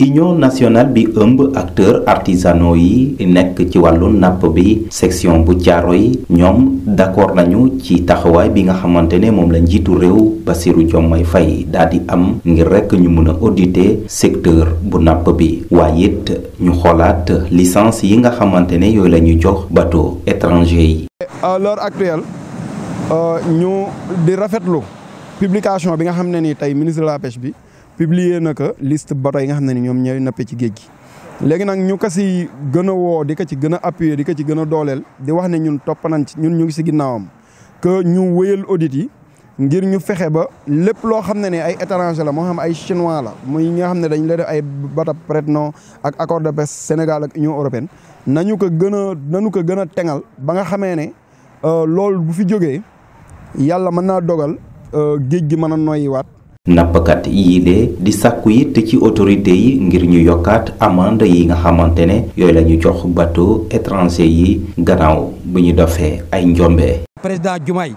union nationale bi ëmb acteur artisanaux yi nekk ci wàllu napp bi section bu jaaro yi ñoom d'accord nañu ci taxawaay bi nga xamante ne moom la njiitu réew Bassirou Diomaye Faye daal di am ngir rekk ñu mën a auditer secteur bu napp bi waaye it ñu xoolaat licence yi nga xamante ne yooyu la ñu jox bato étranger yi. à l'heure euh, ñu di rafetlu publication bi nga xam ne ni tey ministre de la pêche bi. publier na ko liste bato yi nga xam ne ni ñoom ñooy nappe ci géej gi. léegi nag ñu ko si gën a woo di ko ci gën a appuyer di ko ci gën a dooleel di wax ne ñun topp nañ ci ñun ñu ngi si ginnaawam que ñu wéyal audit yi. ngir ñu fexe ba lépp loo xam ne ne ay étranger la moo xam ay chinois la muy ñi nga xam ne dañu la def ay bata prête-nom ak accord de paix Sénégal ak Union européenne nañu ko gën a nañu ko gën a tengal ba nga xamee ne euh, lool bu fi jógee yàlla mën naa dogal euh, géej gi mën a noyyiwaat nappkat yii lee di sàkku it ci autorité yi ngir ñu yokkaat amande yi nga xamante ne yooyu la ñu jox bateau étranger yi gannaaw bu ñu defee ay njombe. président Diomaye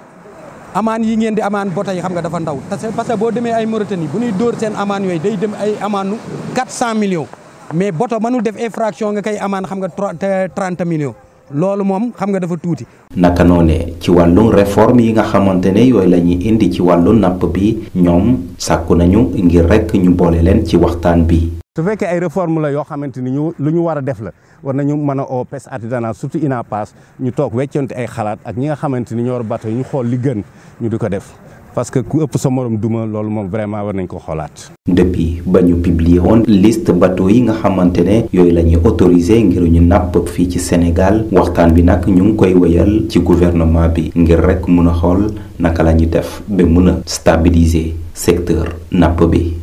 amaan yi ngeen di amaan bota yi xam nga dafa ndaw parce que boo demee ay Mauritanie bu ñuy seen amaan yooyu day dem ay amaanu 400 millions mais bota mënul def infraction nga koy amaan xam nga trente millions. loolu moom xam nga dafa tuuti. naka noonee ci wàllu réforme yi nga xamante ne yooyu la ñuy indi ci wàllu napp bi ñoom sàkku nañu ngir rek ñu boole leen ci waxtaan bi. su fekkee ay reforme la yoo xamante ni ñu lu ñu war a def la war nañu mën a oo pêche artisanale surtout INAPAS ñu toog weccante ay xalaat ak ñi nga xamante ni ñoo war bato ñu xool li gën ñu di ko def. parce que ku ëpp sa morom duma loolu moom vraiment war nañ ko xoolaat. depuis ba ñu publier woon liste bateau yi nga xamante ne yooyu la ñuy autorisé ngir ñu napp fii ci Sénégal waxtaan bi nag ñu ngi koy wéyal ci gouvernement bi ngir rek mun a xool naka la ñuy def ba mun a stabiliser secteur napp bi.